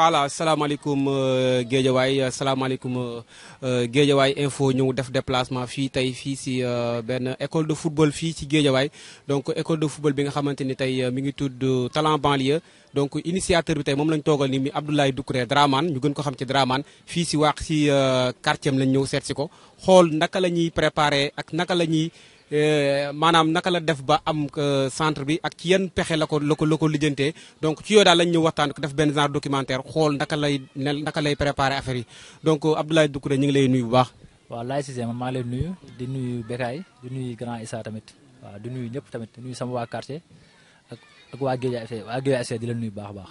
voilà salaamaaleykum euh, Géejawaay salaamaaleykum euh, euh, Géejawaay info ñëw def déplacement fii tey fii si benn école de football fii ci Géejawaay donc école de football bi nga xamante ni tey mi ngi tudd Talent Banlieue donc initiateur bi tey moom lañ toogal ni mi Abdoulaye Doucouré Dramane ñu gën ko xam ci Dramane fii si waax si quartier am lañ ñëw seet si ko xool naka la ñuy préparé ak naka la ñuy. Euh, maanaam naka la def ba am euh, centre bi ak ci yan pexe la ko la ko la ko lijjantee donc ci yooyu daal lañ ñëw waxtaan def benn genre documentaire xool naka lay naka lay préparé affaire yi donc euh, Abdoulaye Doucouré ñu ngi lay nuyu bu baax. waa Laye Cissé ma maa ngi lay nuyu di nuyu Bekaay di nuyu Grand Issa tamit waaw di nuyu ñëpp tamit di nuyu sama waa quartier ak ak waa Guédiawaye FC waa di la nuyu baax a baax.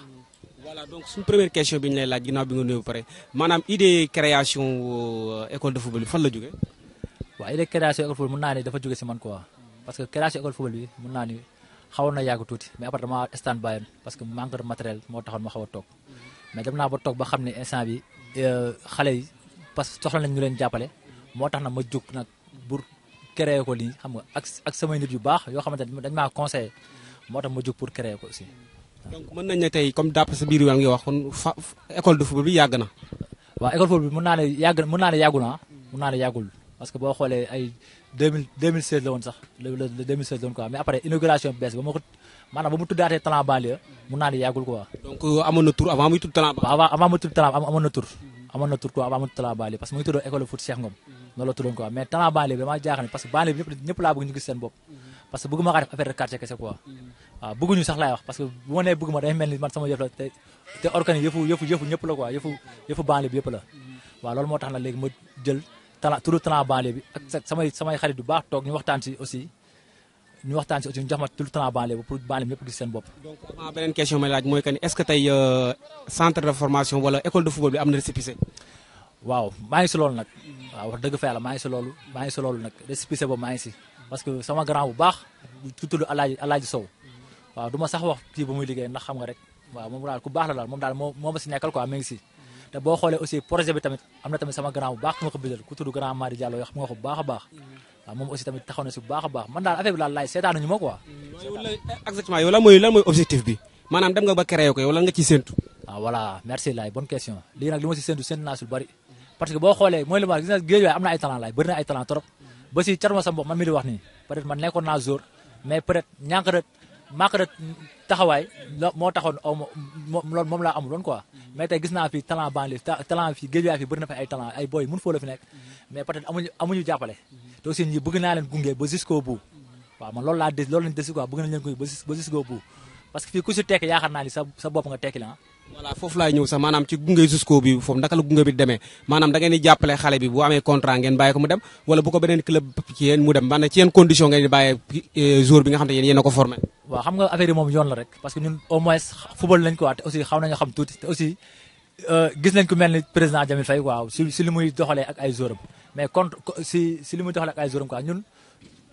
voilà donc suñu première question bi ñu lay laaj ginnaaw bi nga nuyu pare maanaam idée création école de football bi fan la jógee. Wah ëllëg création école football full, naa ne dafa jóge si man quoi parce que création école football bi mën ya naa ni xawoon ya ya na yàgg tuuti mais après dama stand bàyyoon parce que manque de matériel moo taxoon ma xaw a toog mais dem naa ba toog ba xam ne instant bi xale yi parce que soxla nañ ñu leen jàppale moo tax na bur jóg nag pour créer ko lii xam nga ak ak samay nit yu baax yoo xamante ne dañ maa conseillé moo tax ma jóg pour créer ko aussi donc mën nañ ne tey comme dàpp sa biir yoon nga wax kon fa école de football bi yàgg na waaw école football bi naa ne yàgg naa ne yàggu naa parce que boo xoolee ay 2000 2016 la woon sax le le 2016 la woon quoi mais après inauguration bi bees ma ko ba mu tuddaatee talent banlieue mun naa ne yàggul quoi. donc euh, avant muy tudd talent parce que mu ngi tuddoon école foot Cheikh Ngom. noonu la tuddoon quoi mais talent banlieue bi damaa jaaxle parce que banlieue bi ñëpp ñëpp laa bëgg ñu gis seen bopp. ma nee te te organise yëfu yëfu la quoi yëfu yëfu banlieue bi la. waaw loolu talent turu talent banlieue bi ak samay samay xarit bu baax toog ñu waxtaan si aussi ñu waxtaan si aussi ñu jox ma turu talent banlieue bi pour banlieue bi yëpp gis seen bopp. donc ma beneen question may laaj mooy que ni est ce que tey euh, centre de formation wala école de football bi am na récépissé. waaw maa ngi si loolu nag. waaw wax dëgg fa yàlla maa ngi si loolu maa ngi si loolu nag récépissé boobu maa ngi si. parce que sama grand bu baax ku tudd Alaaji Alaaji Sow waaw du ma sax wax kii bu muy liggéey ndax xam nga rek waaw moom daal ku baax la daal moom daal moo moo ma si nekkal quoi mi ngi si. te boo xoolee aussi projet bi tamit am na tamit sama grand bu baax ku ma ku tudd grand Madi Diallo wax mu nga ko baax a baax waaw aussi tamit taxaw na si baax a baax man daal affaire bi daal laay seetaanuñu ma quoi exactement yow lan mooy lan mooy objectif bi maanaam dem nga ba créé ko yow lan nga ciy séntu waaw ah, voilà merci laay bonne question lii nag li ma si séntu naa si bari parce que boo xoolee mooy lu ma gis na géej am na ay manque de taxawaay moo taxoon aw ma moom laa amuloon quoi mais gis naa fi talent banlieue talent fi géejuwaay fi bëri na fi ay talent ay boy mun foo fi nekk mais peut amuñu amuñu jàppale te aussi ñi bëgg naa leen gunge ba jusqu'au bout waaw man loolu laa des loolu lañ des quoi bëgg parce que fii ku si tekk yaakaar naa ni sa sa bopp nga tekki la ah. voilà foofu laay ñëw sax maanaam ci gunge jusqu'au bi foofu naka la gunge bi demee maanaam da ngeen jàppale xale bi bu amee ngeen bàyyi ko mu dem wala bu beneen club ci yéen mu dem maanaam ci yéen condition ngeen di eh, jour bi nga xam a ko formé waaw xam nga affaire yi moom yoon la rek parce que ñun au moins football lañ waa waat aussi xaw nañu xam tuuti te aussi euh, gis nañ ko mel ni président Jamil Faye waaw si si muy doxalee ak ay jouram mais contre si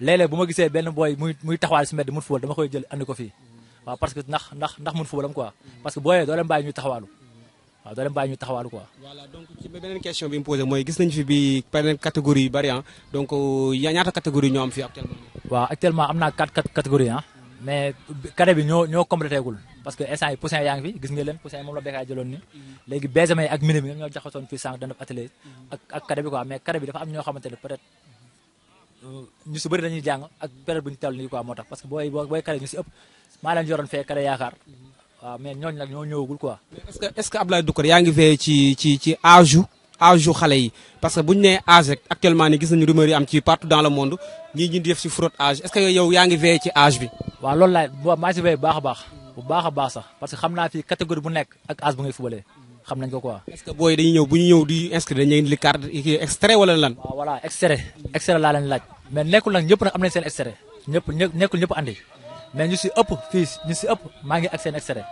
léeg bu ma gisee benn booy muy taxawaal si mbedd mun football dama koy jël andi ko fii mm. waaw parce que ndax ndax mun footballam quoi mm. parce que booyee doo bàyyi ñuy taxawaalu waaw doo bàyyi ñuy taxawaalu quoi voilà donc ci beneen question bi mu posé mooy gis nañ fi bi beneen catégorie yu ah. donc euh, ñaata catégorie ñoo am fii waaw actuellement am naa quatre catégories ah mais cadet ñoo ñoo parce que instant yi poussin yi moom la béykat jëloon ni mm. fii sànq dana ñu si bëri dañuy jàng ak période bu ñu toll nii quoi moo tax parce que booy booy kare ñu si ëpp maa leen yoroon fee kare yaakaar waaw mais ñooñu nag ñoo ñëwagul quoi. est-ce que est-ce que Abdoulaye Doucouré yaa ngi veillé ci ci ci âge yu âge yu xale yi parce que bu ñu nee âge rek actuellement ni gis nañu rumeur yi am ci partout dans le monde ñii ñu def si fraude âge est-ce que yow yaa ngi veillé ci âge bi. waaw loolu laay maa si veillé bu baax a baax bu baax a baax sax parce que xam naa fii catégorie bu nekk ak âge bu ngay fubalee xam nañ ko quoi. est-ce que booy dañuy ñëw bu ñu ñëw di inscrire dañuy indi carte extrait wala lan. waaw voilà extrait extrait laa leen laaj. mais nekkul nag ñëpp nag am nañ seen extrait ñëpp ñë nekkul ñëpp andi mais ñu si ëpp fii ñu si ëpp maa ngi ak seen extrait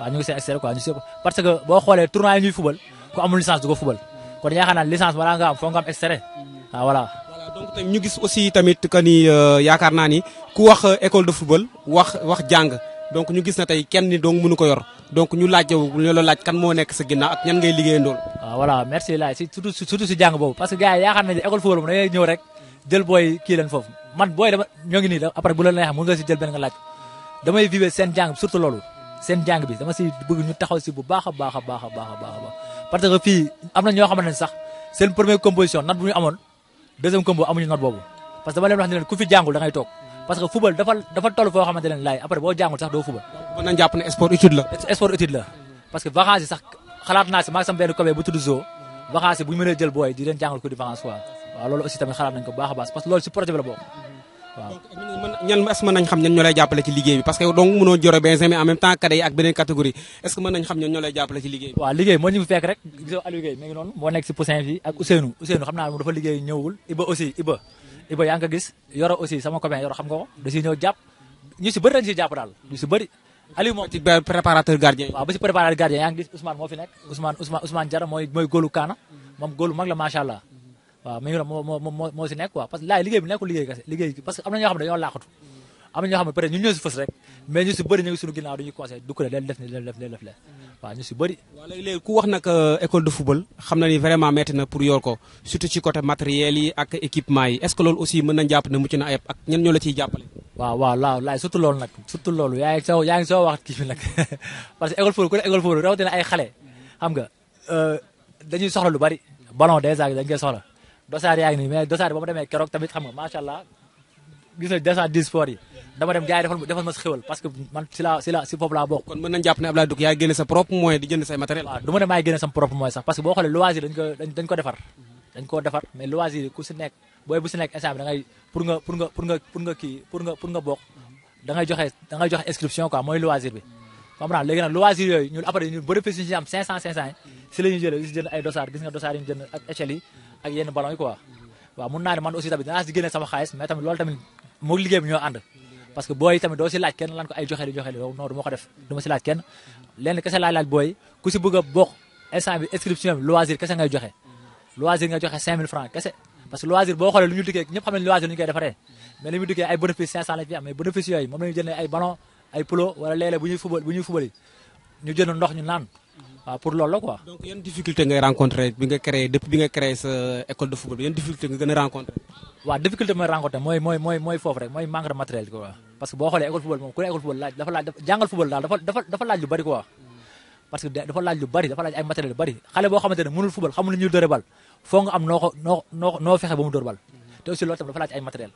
waaw ñu ngi seen extrait quoi ñu si ëpp parce que boo xoolee tournoi yi ñuy fubal ku amul licence du ko fubal kon yaakaar naa licence balaa nga am foo nga am extrait waaw voilà. donc tamit ñu gis aussi tamit que ni euh, yaakaar naa ni ku wax euh, école de football wax wax jàng donc ñu gis na tey kenn ni donc mënu ko yor donc ñu laaj yow ñu la laaj kan moo nekk sa ginnaaw ak ñan ngay liggéeyandool. waaw ah, voilà merci laay si surtout surtout si jàng boobu parce que gars a yaakaar nañu ne école football moom booy kii man ñoo ngi nii da après bu la neexee mën nga si jël benn nga laaj damay vivé seen jàng surtout loolu seen jàng bi dama si bëgg ñu taxaw si bu baax a baax a baax a baax a baax parce que fii am na ñoo xamante ne sax seen première composition note bu ñu amoon deuxième compo amuñu note ku fi jàngul da ngay toog parce que football dafa dafa foo xamante ne laay après boo jàngul sax doo football. sport étude la. parce que vacances yi sax xalaat naa si maa ngi bu tudd Zo vacances bu ñu mënee jël booy di leen jàngal ko di vacances quoi waaw loolu aussi tamit xalaat baax baax parce que loolu si projet bi la bokk waaw donc ñan est-ce que mën nañ xam ñan ñoo lay jàppale ci liggéey bi parce que donc mënoo jore benn mais en même temps cadets yi ak beneen catégorie est-ce que mën nañ xam ñan ñoo lay jàppale ci liggéey bi waaw liggéey moo ñu fi fekk rek gisoo Aliou Gueye mi ngi noonu moo nekk si poussin bi ak Ousseynou Ousseynou xam naa moom dafa liggéey ñëwul Iba aussi Iba Iba yaa ngi ko gis Yoro aussi sama copain Yoro xam nga ko da si ñëw jàpp ñu si bëri dañ si jàpp daal ñu si bëri Aliou moom ci préparateur gardien waaw ba si préparateur gardien yaa ngi gis Ousmane moo fi nekk Ousmane Ousmane Ousmane Diarra mooy mooy góolu Kaana moom góolu mag la macha allah waaw mais yow moo moo moo si nekk quoi parce que laay liggéey bi nekkul liggéey kese liggéey parce que am na ñoo xam ne dañoo laaxatu am na ñoo xam ne peut-être ñun ñoo euh, xam ne mucc la ciy jàppale waaw waaw laay surtout loolu nag surtout loolu yaa ngi soo wax kii nag parce que école football ku ne école football rawatina ay xale xam nga euh, dañuy soxla lu bari ballon déjà dañ koy soxla dosaar yaa ngi nii mais dosaar ba ma demee keroog tamit xam nga macha allah gis na dosaar di yi dama dem gars defal defal ma parce que man si la si la si foofu laa bokk. kon mën nañu jàpp ne Abdoulaye Douk yaa génne sa propre di jënd say matériel. waaw ne maay génne sama propre sax parce que boo xoolee loisir dañ ko defar. dañ ko defar mais loisir ku si booy bu si nekk bi da ngay nga pour nga pour nga joxe da ngay joxe mooy loisir bi. comprendre si la ñuy jëlee gis jënd ay dosaar gis nga dosaar yi ñu jënd ak échelles ak yenn ballon yi quoi waaw mun naa man aussi tamit danaa si génne sama xaalis mais tamit loolu tamit moo liggéey bi ñoo ànd parce que booy tamit doo laaj kenn lan ko ay joxe li joxe laaj kenn lenn kese laaj laaj booy ku si bëgg a bokk instant bi inscription bi loisir kese ngay loisir nga joxe 5000 francs kese parce que loisir boo lu ñu dikkee ñëpp xam loisir ñu koy defaree waaw ah, pour loolu la quoi. donc yan difficulté ngay rencontré bi nga créé depuis bi nga créé sa école de football yan difficulté nga gën a rencontré. waaw difficulté bi may rencontré mooy mooy mooy mooy foofu rek mooy manque de matériel quoi. parce que boo xoolee école football moom ku ne école football laaj dafa laaj jàngal football daal dafa dafa dafa laaj lu bari quoi. parce que dafa laaj lu bari dafa laaj ay matériel lu bari xale boo xamante ne mënul football xamul lu ñuy dóore bal foo nga am noo ko noo noo fexe ba mu dóor bal te aussi loolu tam dafa laaj ay matériel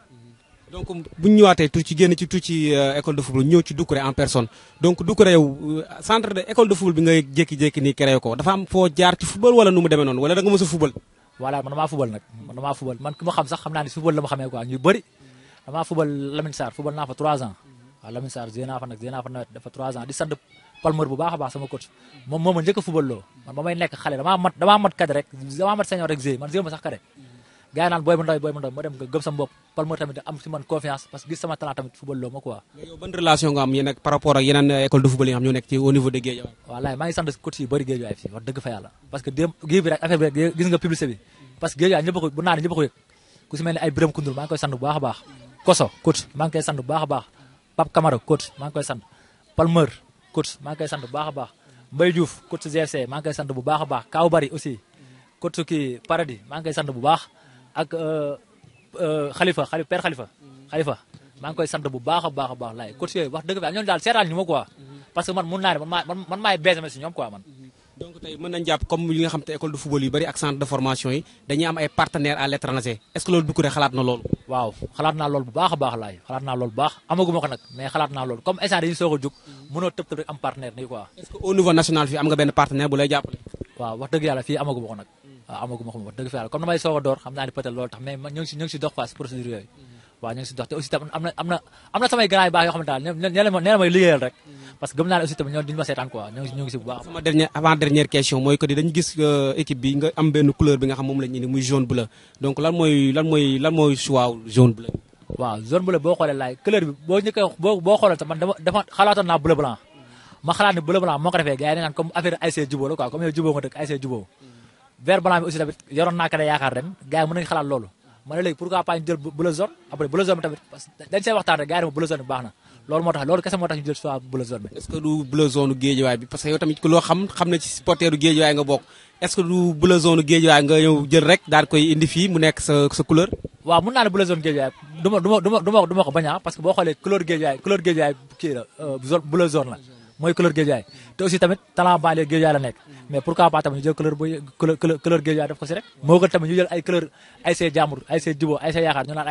donc bu ñu ñëwaatee tuuti ci génn ci tuuti ci euh, école de football ñëw ci Doucouré en personne donc Doucouré yow euh, centre de école de football bi nga jékki-jékki nii créé ko dafa am foo jaar ci football wala nu mu demee noonu wala da nga a football. voilà man damaa football nag ma xam sax xam football naa fa 3 ans waaw Lamine Sarr joué naa fa nawet dafa 3 ans di sant Palmer bu baax a baax sama coach moom moo ma njëkk a man ba may nekk xale damaa mat damaa rek damaa mat senior gars yi naan booy bu ndaw booy bu ndaw ma dem nga gëm sama bopp par tamit am si man confiance par rapport ak yeneen euh, école de football yi nga xam ñoo nekk ci au niveau de Guédiawaye wallaay maa ngi sant coach yi bëri Guédiawaye fii wax dëgg fa yàlla parce que démb rek affaire rek gis nga publicité bi parce que Guédiawaye ñëpp ko bu naa ne ñëpp ko yëg ku si ay Birame Koundoul maa ngi koy sant bu baax a baax Koso coach maa ngi koy sant bu baax a baax Pape Camara coach maa ngi koy a a maa ngi koy ak xalifa euh, euh, xali père xalifa xalifa mhm. maa ngi koy sant bu baax a baax a baax laay coach yooyu wax dëgg fa ñooñu daal seetaan ñu mhm. mhm. nga xam centre bu baax a baax laay xalaat naa loolu bu baax a am nga benn partenaire bu lay jàppale waaw wax dëgg yàlla fii amaguma ko nag Ah, amaguma ko wax deug fa comme damay soga dor xamna ni peut-être loolu tax mais ñu ngi si ñu ngi si dox face procédure yoy wa ñu ngi si dox té aussi tam amna amna amna samay grand yu baax yoo xam ne daal nee na may liguel rek mm-hmm. parce que gëm na ne aussi tam ñoo duñ ma sétane quoi ñu ngi ñu ngi si bu baax sama dernier avant dernière question moy ko di dañu gis euh, équipe bi nga am benn couleur bi nga xam mom lañ ni muy jaune bleu donc lan moy lan moy lan moy choix jaune bleu wa jaune bleu bo xolé lay couleur bi bo ñu koy boo boo xoolee man dafa xalaatoon na bleu blanc mm-hmm. ma xalaat ni bleu blanc moko ko gaay gars comme affaire IC jubóo la quoi comme yow jubóo nga dëkk IC jubóo mm-hmm. vert blanc bi aussi tamit yoroon naa ko de yaakaar ren gars yi mën nañu xalaat loolu ma ne léegi pourquoi pas ñu jël bleu zone après bleu zone bi tamit dañ see waxtaan rek gars yi ma moo tax zone bi géejuwaay bi parce que yow tamit ku loo xam xam na ci supporteru géejuwaay nga bokk est-ce que du bleu zone géejuwaay nga ñëw jël rek daal koy indi fii mu nekk sa sa couleur waaw mën naa ne bleu zone géejuwaay du ma du ma du ma mooy couleur Guédiawaye te aussi tamit talent banlieue Guédiawaye la nekk mais pourquoi pas tamit ñu jël couleur bu couleur Guédiawaye ko si moo gën tamit ñu jël ay couleur ay see jàmbur ay see jubóo ay see yaakaar ñu naan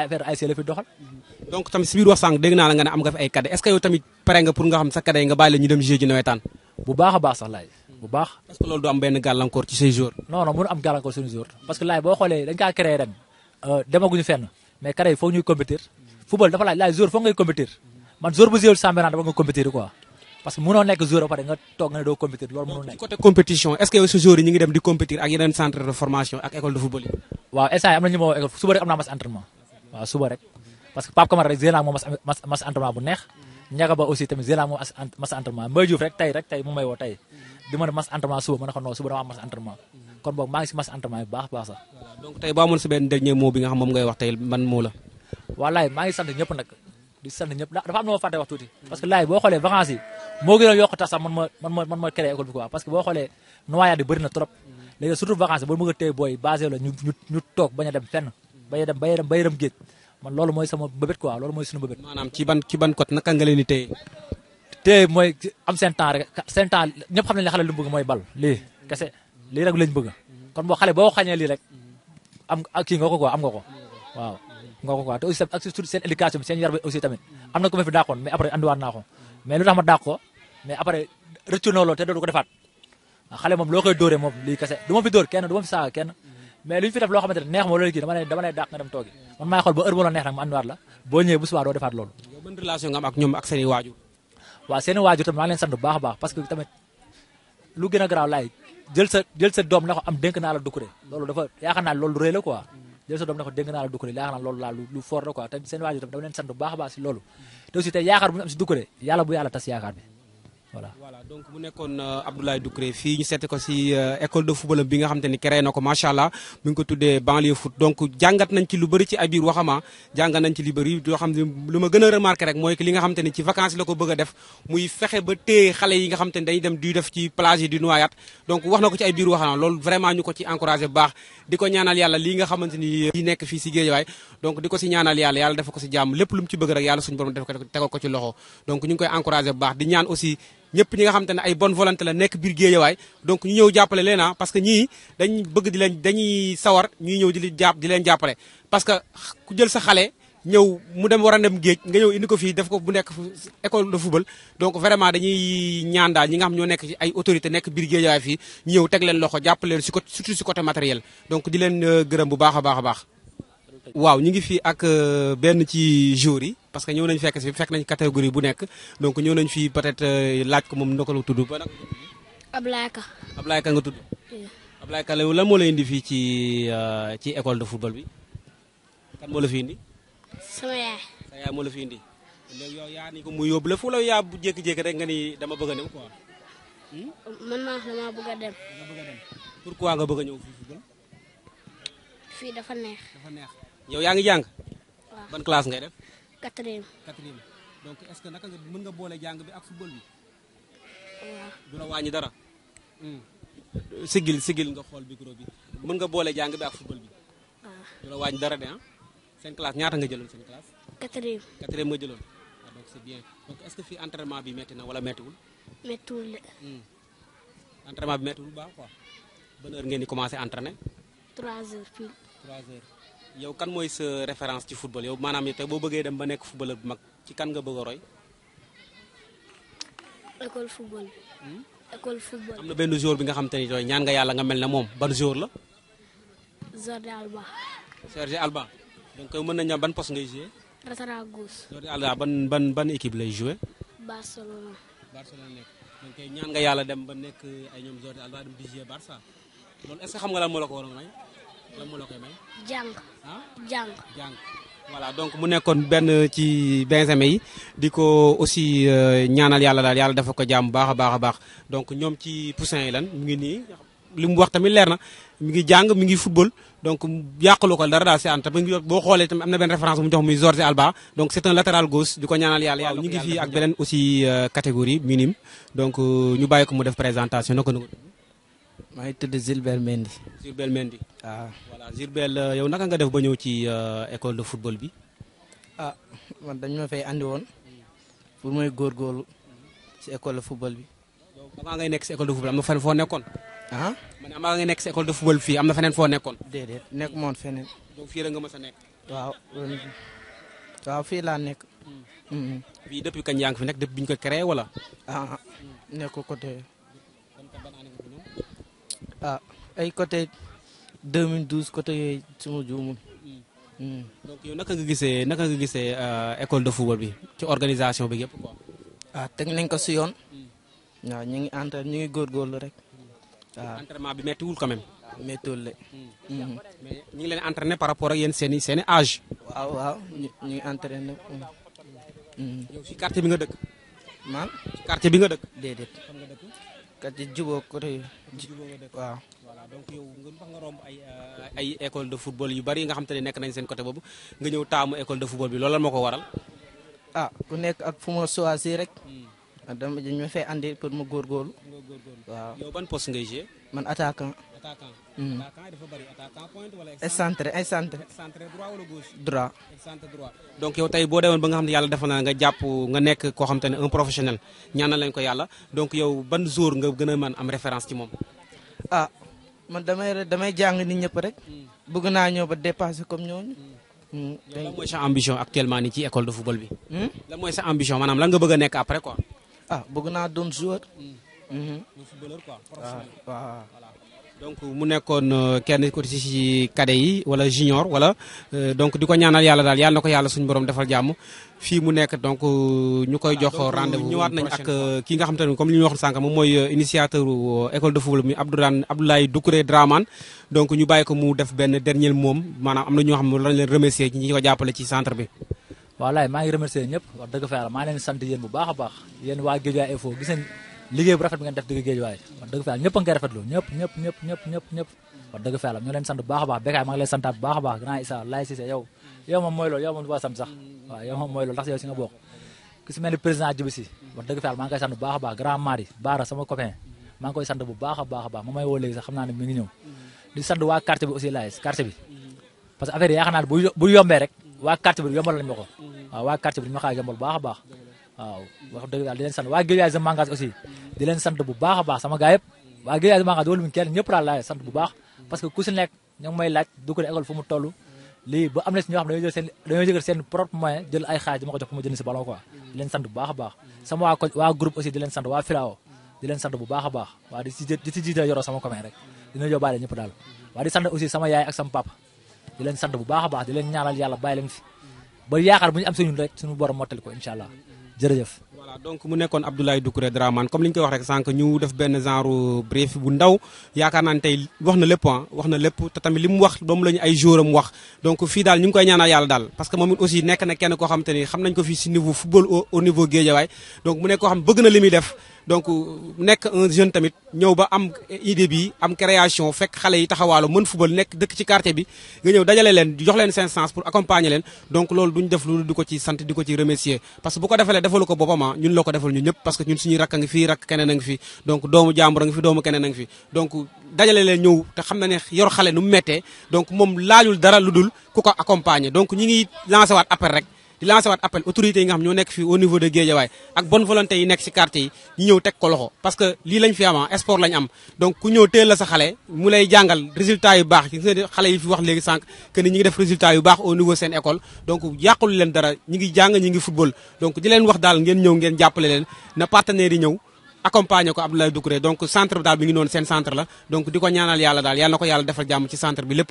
am nga ci say joueurs non non mënu am gàllankoor suñu joueurs parce que laay boo xoolee dañ kaa créé ren euh, demaguñu fenn mais cadets foog ñuy compétir football dafa laay joueur foog ngay compétir man joueur bu joueur sàmmeraan dafa nga compétir parce que mënoo nekk joueur ba pare nga toog nga doo compétir loolu mënoo nekk côté compétition est ce que yow sa joueur yi ñu ngi dem di compétir ak yeneen centre de formation ak école de football yi waaw instant yi am na ñu ma école suba rek am naa mas entraînement waaw suba rek parce que Pape Camara rek Zéna moom mas mas entraînement bu neex ñaga Ba aussi tamit Zéna moom mas entraînement Mbaye Diouf rek tey rek tey mu may woo tey di ma mas entraînement suba ma ne ko non suba dama am mas entraînement kon boog maa ngi si mas entraînement bu baax baax sax donc tey boo amoon sa benn dernier mot bi nga xam moom ngay wax tey man moo la wallaay maa ngi sant ñëpp nag di sant ñëpp dafa am na ma fàtte wax tuuti parce que laay boo xoolee vacances yi mo gëna a yokk tas sax man moo man moo man mooy créé école bi quoi parce que boo xoolee noyade bari na trop mm. légui surtout vacances bo mëna nga boy basé la ñu ñu ñu toog bañ dem fenn bañ dem baye dem bañ a dem géej man loolu moy sama bëbët quoi loolu moy suñu bëbët. manam ci ban ci ban kot naka nga leen di téye. téye mooy am sen temps rek sen temps ñëpp xam nañ ne xale lu bëgg moy bal li kese li rek lañ bëgg kon bo xalé bo xagne li rek am ak ki nga ko quoi am nga ko waaw nga ko quoi te aussi ak sen éducation sen yarbe aussi tamit amna ko ma fi daaxoon mais après andi war na ko mais lu tax ma dàq ko mais après rëccu na loolu te dootu ko defaat ah, xale moom loo koy dóoree moom lii kese du ma fi dóor kenn du ma fi saaga kenn mais lu ñu fi def loo xamante ne neex ma loolu kii dama lay dama lay dàq nga dem toogi man maay xool ba heure bu la neex nag ma andiwaat la boo ñëwee bu subaa doo defaat loolu. yow ban relation nga am ak ñoom ak seen i waajur. waaw seen i waajur tamit maa ngi leen sant bu baax a baax parce que tamit lu gën a garaaw laay jël sa jël sa doom la ko am dénk naa la du kuré loolu dafa yaakaar naa loolu rëy la quoi jël sa doom ne ko la Doucouré yaakaar naa loolu laa la quoi te seen waajur tam dama leen sant bu baax a baax si loolu te aussi tey bu ñu am si Doucouré yàlla bu yàlla tas yaakaar bi voilà voilà donc mu nekkoon euh, Abdoulaye Doucouré fii ñu seeti ko si euh, école de football bi nga xam te ni créé na ko macha allah mu ngi ko tuddee banlieue foot donc jàngat nañ ci lu bëri ci ay biir waxama ah. jàngat nañ ci lu bëri yoo xam ne lu ma gën a remarqué rek mooy que li nga xam te ni ci vacances la ko bëgg a def muy fexe ba téye xale yi nga xam te ni dañuy dem di def ci plage yi di noyaat donc wax na ko ci ay biir waxama loolu vraiment ñu ko ci encouragé bu baax di ñaanal yàlla lii nga xamante yi nekk fii donc ñaanal ko lu mu ci bëgg rek suñu borom def ko ko ci loxo donc ñu ngi koy baax di ñaan aussi ñëpp ñi nga xam te ne ay bonne volonté la nekk biir géejawaay donc ñu ñëw jàppale leen ah parce que ñii dañ bëgg di leen dañuy sawar ñuy ñëw di leen jàpp di leen jàppale parce que ku jël sa xale ñëw mu dem war a dem géej nga ñëw indi ko fii def ko bu nekk école de football donc vraiment dañuy ñaan daal ñi nga xam ñoo nekk ci ay autorité nekk biir géejawaay fii ñu ñëw teg leen loxo jàppale leen si côté surtout si côté matériel donc di leen euh, gërëm bu baax a baax baax waaw ñu ngi fii ak euh, benn ci jour yi parce que ñëw nañ fekk si fekk nañ catégorie bu nekk donc ñëw nañ fi peut être euh, laaj ko moom naka la ba nag Ablaye Ka nga tudd Ablaye indi ci euh, ci école de football bi kan moo la fi indi sama yaay sa yaay la fi indi léegi yow yaa ni ko muy la fu la rek nga ni dama bëgg a quoi hmm? man ma dama bëgg dem nga bëgg dem pourquoi nga bëgg a ñëw football fii dafa neex dafa neex yow ban classe ngay def quatrième quatrième donc est ce que naka nga mën nga boole jàng bi ak football bi waaw du la wàññi hmm. sigil sigil nga xool micro bi mën nga boole jàng bi ak football bi waaw du la wàññi dara de ah seen classe ñaata nga jëloon seen classe quatrième quatrième nga jëloon ah donc c'est bien donc est ce que fii entraînement bi metti na wala mettiwul mettiwul hmm. entraînement bi mettiwul quoi heure ngeen di entraîner 3 3 yow kan moy sa référence ci football yow manam maanaam tay bo beugé dem ba nek footballeur bu mag ci kan nga bëgg roy école football hmm? école football amna ben joueur bi nga xam tane joy ñaan nga yalla nga melna mom ban joueur la Jordi Alba Serge Alba donc mën nañ ban poste ngay jouer Rasara gauche Jordi Alba ban ban ban équipe lay jouer Barcelona Barcelona nek donc ñaan nga yalla dem ba nek ay ñom Jordi Alba dem di jouer Barça lool est ce xam nga la mo la ko waroon may lan moo la koy may. jàng. ah jàng jàng. voilà donc mu nekkoon benn ci benjamin yi di ko aussi euh, ñaanal yàlla daal yàlla dafa ko jàmm baax baax baax donc ñoom ci poussin yi lan mu ngi nii lu mu wax tamit leer na mi ngi jàng mu ngi football donc yàqalu ko dara daal si ànd tamit boo xoolee tamit am na benn référence mu jox muy Jorge Alba donc c' est un latéral gauche di ko ñaanal yàlla yàlla ñu ngi fii ak beneen aussi euh, catégorie minime donc euh, ñu bàyyi ko mu def présentation na ko maa ngi tudd Zilbel Mendy. Zilbel Mendy. waaw ah. voilà Zilbel euh, naka nga def ba ñëw ci euh, école de football bi. ah man dañ ma fay andi woon pour mooy góorgóorlu si école de football bi. donc avant nekk si école de football am na feneen foo nekkoon. ah man avant ngay nekk si école fii am na feneen foo nekkoon. nekk moon feneen. donc fii rek nga a nekk. waaw fii laa nekk. Hmm. Hmm. fii depuis kañ yaa ngi fi nekk depuis bi ñu ko créé wala. ah nekkul côté. ay côté 2012 côté yooyu suma juumul. Hmm. donc yow naka nga gisee naka nga gisee euh, école de football bi ci organisation bi yëpp quoi. Ah, teg nañ ko si yoon. Hmm. waaw ñu ngi entrain ñu ngi góorgóorlu rek. Hmm. waaw entraînement bi méttiwul quand même. méttiwul la. mais ñu ngi leen entraîné par rapport ak yéen seen i seen i âge. waaw waaw ñu ngi entraîné. si quartier bi nga dëkk. man quartier bi nga dëkk. déedéet. quartier jubóo côté. jubóo waaw. waaw donc yow nga nga romb ay eh, ay école de football yu bari nga xam te ne nekk nañ seen côté bobu nga ñëw taamu école de football bi loolal moo waral ah ku nek ak fu ma choisir rek hmm. ah, dama dañ fay andi pour ma góorgóorlu waaw yow ban poste ngay man attaquant attaquant hmm. attaquant dafa bari attaquant point wala excentré excentré excentré droit wala gauche droit excentré droit donc yow tey boo demoon ba nga xam ne defal na nga jàpp nga nekk koo xam ne un professionnel ñaanal lañ ko yàlla donc yow ban jour nga gën man am référence ci ah man damay damay jàng nit ñëpp rek. Hmm. bëgg naa ñëw ba dépasser comme ñooñu. Hmm. Hmm. lan mooy sa ambition actuellement ni ci école de football bi. lan mooy sa ambition maanaam lan nga bëgg a nekk après quoi. ah bëgg naa doon joueur. Ah, waaw donc mu nekkoon euh, kenn ko ci ci yi wala junior wala euh, donc di ko ñaanal yàlla daal yàlla na ko yàlla suñu borom defal jàmm fii mu nekk donc euh, ñu koy jox ah, rendez-vous ñëwaat nañ ak kii nga xam te ne comme li ñu waxoon sànq moom mooy initiateur école de football mi Abdourahmane Abdoulaye Doucouré Dramane donc ñu bàyyi ko mu def benn dernier moom maanaam am na ñoo xam ne lañ leen remercier ñi ko jàppale ci centre bi wallaay maa ngi remercier ñëpp wax dëgg fa yàlla maa leen sant yéen bu baax a baax yéen waa Guédiawaye liggéey bu rafet bi ngeen def digg géej waay wax dëgg fa yàlla ñëpp a ngi koy rafetlu ñëpp ñëpp ñëpp ñëpp ñëpp ñëpp wax dëgg fa yàlla ñu leen sant bu baax a baax Bécaye maa ngi leen santaat bu baax a baax grand Issa lay Cissé yow yow moom mooy loolu yow moom du ma sant sax waaw yow moom mooy loolu ndax yow si nga bokk ku si mel ni président Djibi si wax dëgg fa yàlla maa ngi koy sant bu baax a baax grand Mari Baara sama copain maa ngi koy sant bu baax a baax a baax ma may woo léegi sax xam naa ne mi ngi ñëw di sant waa quartier bi aussi Laye quartier bi parce que affaire yi yaakaar naa bu bu yombee rek waa quartier bi yombal nañ ma ko waaw waa quartier bi ñu ma xaar yombal bu baax a baax waaw wax dëgg daal di leen sant waa Guédiawaye sa mangage aussi sant bu baax a baax sama gars yëpp daal laay sant bu baax parce que ku si nekk ñoo ngi may laaj du ko école fu mu toll lii ba am na si ñoo jël seen dañoo jël seen propre moyen jël ay xaaj ma ko jox pour ma jënd si ballon quoi di leen sant bu baax a sama waa ko waa groupe aussi waa Firao di leen daal waa di sant aussi sama yaay ak sama papa di leen ñaanal yàlla bàyyi leen fi ba yaakaar bu ñu jërëjëf voilà donc mu nekkoon Abdoulaye doukouré Dramane comme li ñu koy wax rek sank ñu def ben genre brief bu ndaw yaaka naa tay waxna lepp na lépp ah wax tamit li wax doom lañ ay jouram wax donc fi dal ñu koy ñaanal yàlla dal parce que moom aussi nekk na kenn ko xamanteni te xam nañ ko fi ci niveau football au niveau Guédiawaye donc mu nekk ko xam bëgg na li def donc nekk un jeune tamit ñëw ba am idée bi am création fekk xalé yi taxawaalu mën football nekk dëkk ci quartier bi nga ñëw dajalé len jox len seen sens pour accompagner len donc lool duñ def lu diko ci sant diko ci remercier parce que bu ko defalee defalu ko boppam ah, également ñun la ko defal ñu ñëpp parce que ñun suñuy rakk a ngi fii rakk keneen a ngi fi donc doomu jàmbur a ngi fi doomu keneen a ngi fi donc dajale leen ñëw te xam na ne yor xale nu mu méttee moom laajul dara lu dul ku ko accompagner donc ñi ngi lancé waat appel rek di lancer waat appel autorités yi nga xam ñoo nekk fii au niveau de Guédiawaye ak bonne volonté yi nekk ci quartier yi ñu ñëw teg ko loxo parce que lii lañ fi am ah, sport lañ am donc ku ñëw teel la sa xale mu lay jàngal résultat yu baax gis xale yi fi wax léegi sànq que ni ñi ngi def résultat yu baax au niveau seen école donc yàqul leen dara ñi ngi jàng ñi ngi football donc di leen wax daal ngeen ñëw ngeen jàppale leen na partenaires yi ñëw accompagné ko Abdoulaye Doucouré donc centre ngi noonu seen centre la donc di ko ñaanal yàlla daal yàlla na ko yàlla defal jàmm ci centre bi